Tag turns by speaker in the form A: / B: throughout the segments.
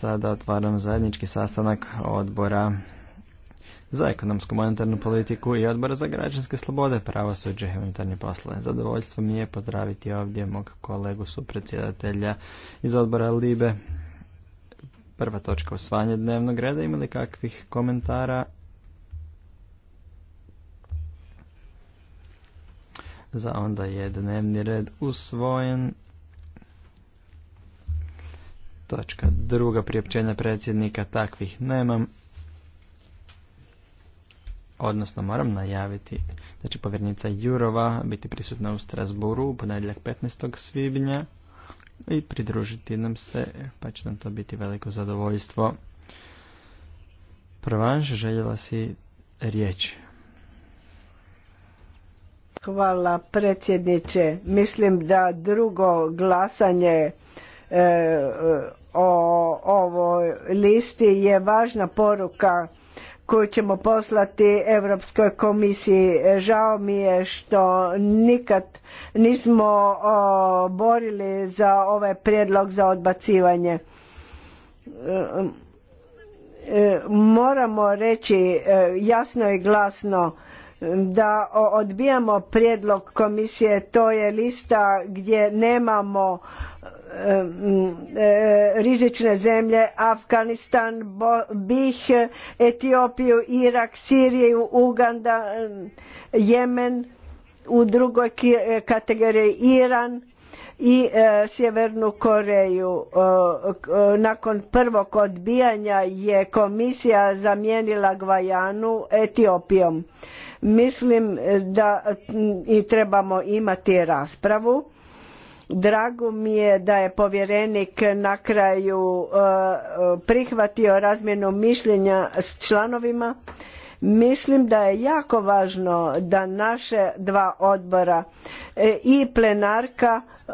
A: Sada otvaram zajednički sastanak odbora za ekonomsku monetarnu politiku i odbora za građanske slobode, pravosuđe i unutarnje poslove. Zadovoljstvo mi je pozdraviti ovdje mog kolegu supredsjedatelja iz odbora Libe. Prva točka osvanje dnevnog reda. Ima li kakvih komentara? Za onda je dnevni red usvojen. Točka druga priopćenja predsjednika takvih nemam. Odnosno moram najaviti da će povjernica Jurova biti prisutna u Strasburu u ponedjeljak 15. svibnja i pridružiti nam se, pa će nam to biti veliko zadovoljstvo. Prva, željela si riječ.
B: Hvala predsjedniče. Mislim da drugo glasanje e, e, o ovoj listi je važna poruka koju ćemo poslati Europskoj komisiji. Žao mi je što nikad nismo borili za ovaj prijedlog za odbacivanje. E, moramo reći e, jasno i glasno da odbijamo prijedlog komisije, to je lista gdje nemamo E, e, rizične zemlje Afganistan, Bih, Etiopiju, Irak, Siriju, Uganda, Jemen, u drugoj e, kategoriji Iran i Sjevernu Koreju. Nakon prvog odbijanja je komisija zamijenila Gvajanu Etiopijom. Mislim da i trebamo imati raspravu Drago mi je da je povjerenik na kraju e, prihvatio razmjenu mišljenja s članovima. Mislim da je jako važno da naše dva odbora e, i plenarka e,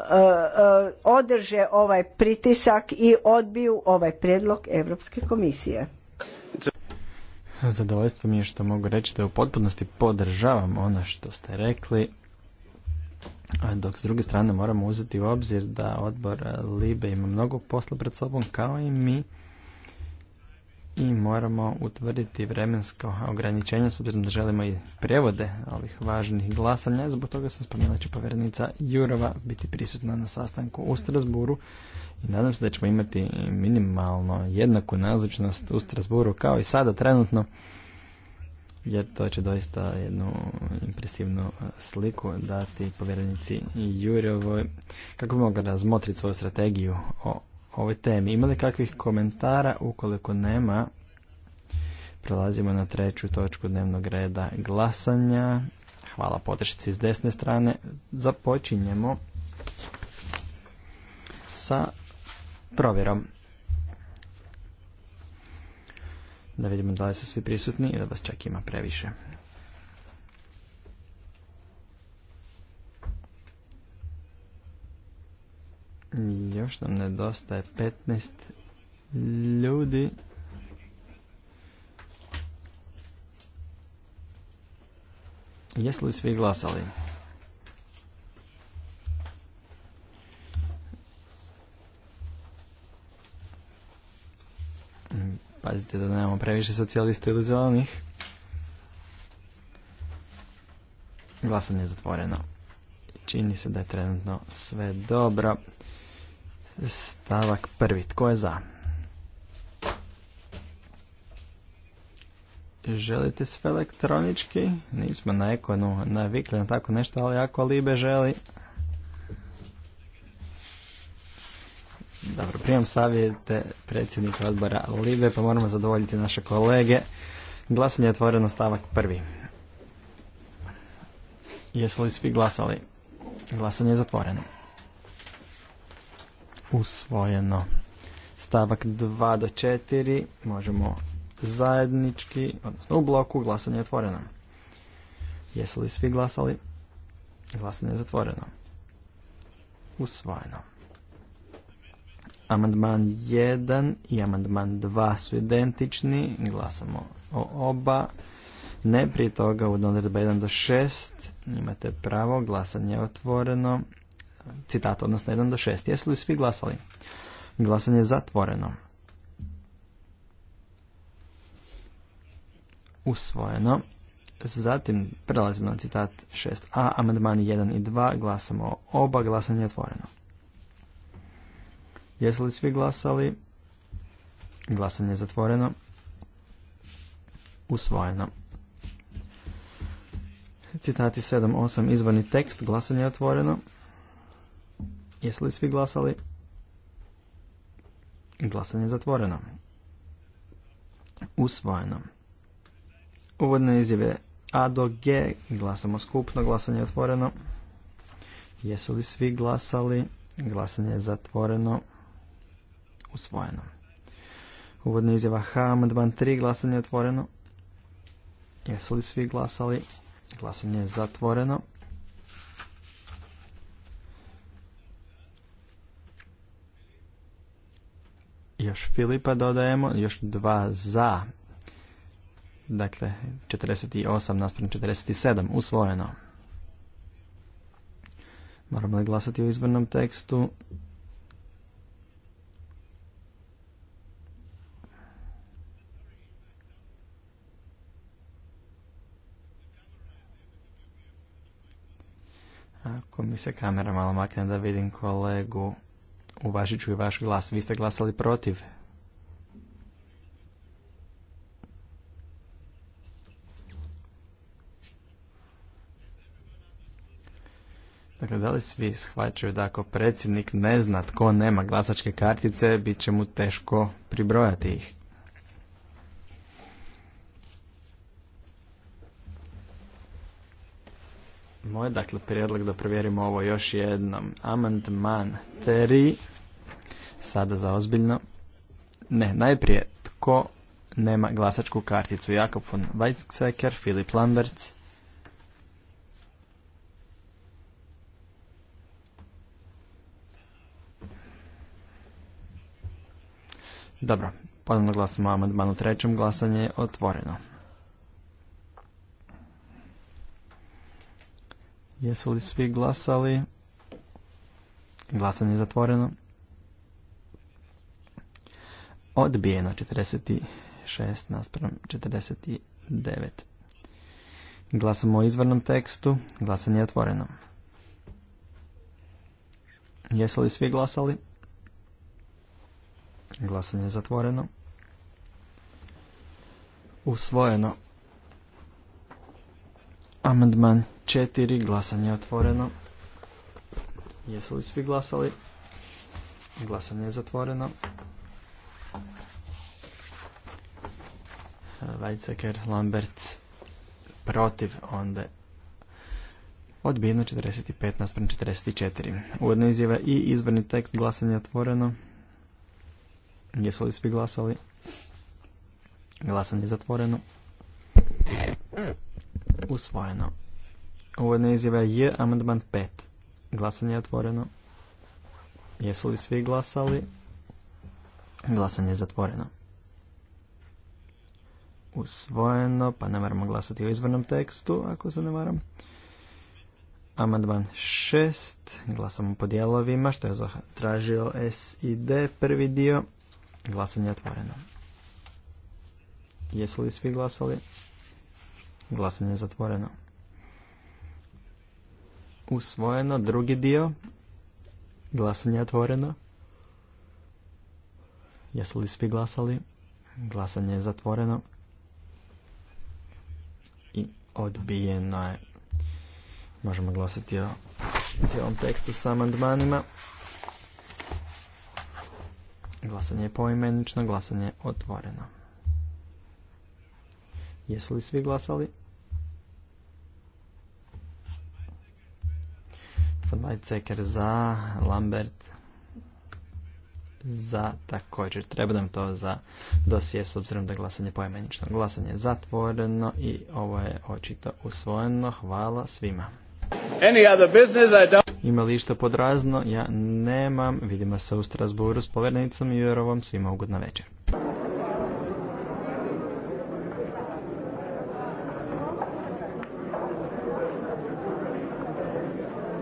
B: održe ovaj pritisak i odbiju ovaj prijedlog Europske komisije.
A: Zadovoljstvo mi je što mogu reći da u potpunosti podržavam ono što ste rekli dok s druge strane moramo uzeti u obzir da odbor e, Libe ima mnogo posla pred sobom kao i mi i moramo utvrditi vremensko ograničenje s obzirom da želimo i prevode ovih važnih glasanja. Zbog toga sam spomenula će povjerenica Jurova biti prisutna na sastanku u Strasburu i nadam se da ćemo imati minimalno jednaku nazočnost u Strasburu kao i sada trenutno jer to će doista jednu impresivnu sliku dati povjerenici Jurjevoj. kako bi mogla razmotriti svoju strategiju o ovoj temi. Ima li kakvih komentara? Ukoliko nema, prelazimo na treću točku dnevnog reda glasanja. Hvala potrešici s desne strane. Započinjemo sa provjerom. Da vidimo da li su svi prisutni i da vas čak ima previše. Još nam nedostaje 15 ljudi. Jesu li svi glasali? Pazite da nemamo previše socijalista ili zelenih. Glasanje je zatvoreno. Čini se da je trenutno sve dobro. Stavak prvi. Tko je za? Želite sve elektronički? Nismo na ekonu navikli na tako nešto, ali ako Libe želi... Prijem savjete predsjednika odbora Libe, pa moramo zadovoljiti naše kolege. Glasanje je otvoreno stavak prvi. Jesu li svi glasali? Glasanje je zatvoreno. Usvojeno. Stavak 2 do 4 možemo zajednički, odnosno u bloku, glasanje je otvoreno. Jesu li svi glasali? Glasanje je zatvoreno. Usvojeno. Amandman 1 i amandman 2 su identični. Glasamo o oba. Ne, prije toga u odredba 1 do 6 imate pravo, glasanje je otvoreno. Citat, odnosno 1 do 6. Jesu li svi glasali? Glasanje je zatvoreno. Usvojeno. Zatim prelazimo na citat 6a, amandmani 1 i 2, glasamo oba, glasanje je otvoreno. Jesu li svi glasali? Glasanje je zatvoreno. Usvojeno. Citati 7.8. Izvorni tekst. Glasanje je otvoreno. Jesu li svi glasali? Glasanje je zatvoreno. Usvojeno. Uvodne izjave A do G. Glasamo skupno. Glasanje je otvoreno. Jesu li svi glasali? Glasanje je zatvoreno usvojeno. Uvodna izjava H, amandman 3, glasanje je otvoreno. Jesu li svi glasali? Glasanje je zatvoreno. Još Filipa dodajemo, još dva za. Dakle, 48 naspram 47, usvojeno. Moramo li glasati u izvornom tekstu? Ako mi se kamera malo makne da vidim kolegu, uvažit ću i vaš glas. Vi ste glasali protiv. Dakle, da li svi shvaćaju da ako predsjednik ne zna tko nema glasačke kartice, bit će mu teško pribrojati ih? Moj dakle prijedlog da provjerimo ovo još jednom. Amandman 3. Sada za ozbiljno. Ne, najprije tko nema glasačku karticu. Jakob von Weizsäcker, Filip Lamberts. Dobro, ponovno glasamo o amandmanu trećem. Glasanje je otvoreno. Jesu li svi glasali? Glasanje je zatvoreno. Odbijeno 46 naspram 49. Glasamo o izvornom tekstu. Glasanje je otvoreno. Jesu li svi glasali? Glasanje je zatvoreno. Usvojeno. Amandman 4, glasanje je otvoreno. Jesu li svi glasali? Glasanje je zatvoreno. Weizsäcker, Lambert protiv, onda odbijeno 45 naspram 44. Uvodna izjava i izborni tekst glasanje otvoreno. Jesu li svi glasali? Glasanje je zatvoreno. Usvojeno. Uvodna izjava je amandman 5. Glasanje je otvoreno. Jesu li svi glasali? Glasanje je zatvoreno. Usvojeno, pa ne moramo glasati o izvornom tekstu, ako se ne varam. Amandman 6. Glasamo po dijelovima, što je zatražio S i D. Prvi dio. Glasanje je otvoreno. Jesu li svi glasali? Glasanje je zatvoreno. Usvojeno. Drugi dio. Glasanje je otvoreno. Jesu li svi glasali? Glasanje je zatvoreno. I odbijeno je. Možemo glasati o cijelom tekstu sa amandmanima. Glasanje je poimenično, glasanje je otvoreno. Jesu li svi glasali? Van za, Lambert za također. Treba nam to za dosije s obzirom da je glasanje poimenično. Glasanje je zatvoreno i ovo je očito usvojeno. Hvala svima.
B: Any other
A: Ima li što podrazno? Ja nemam. Vidimo se u Strasburu s povjernicom i vjerovom svima ugodna večer.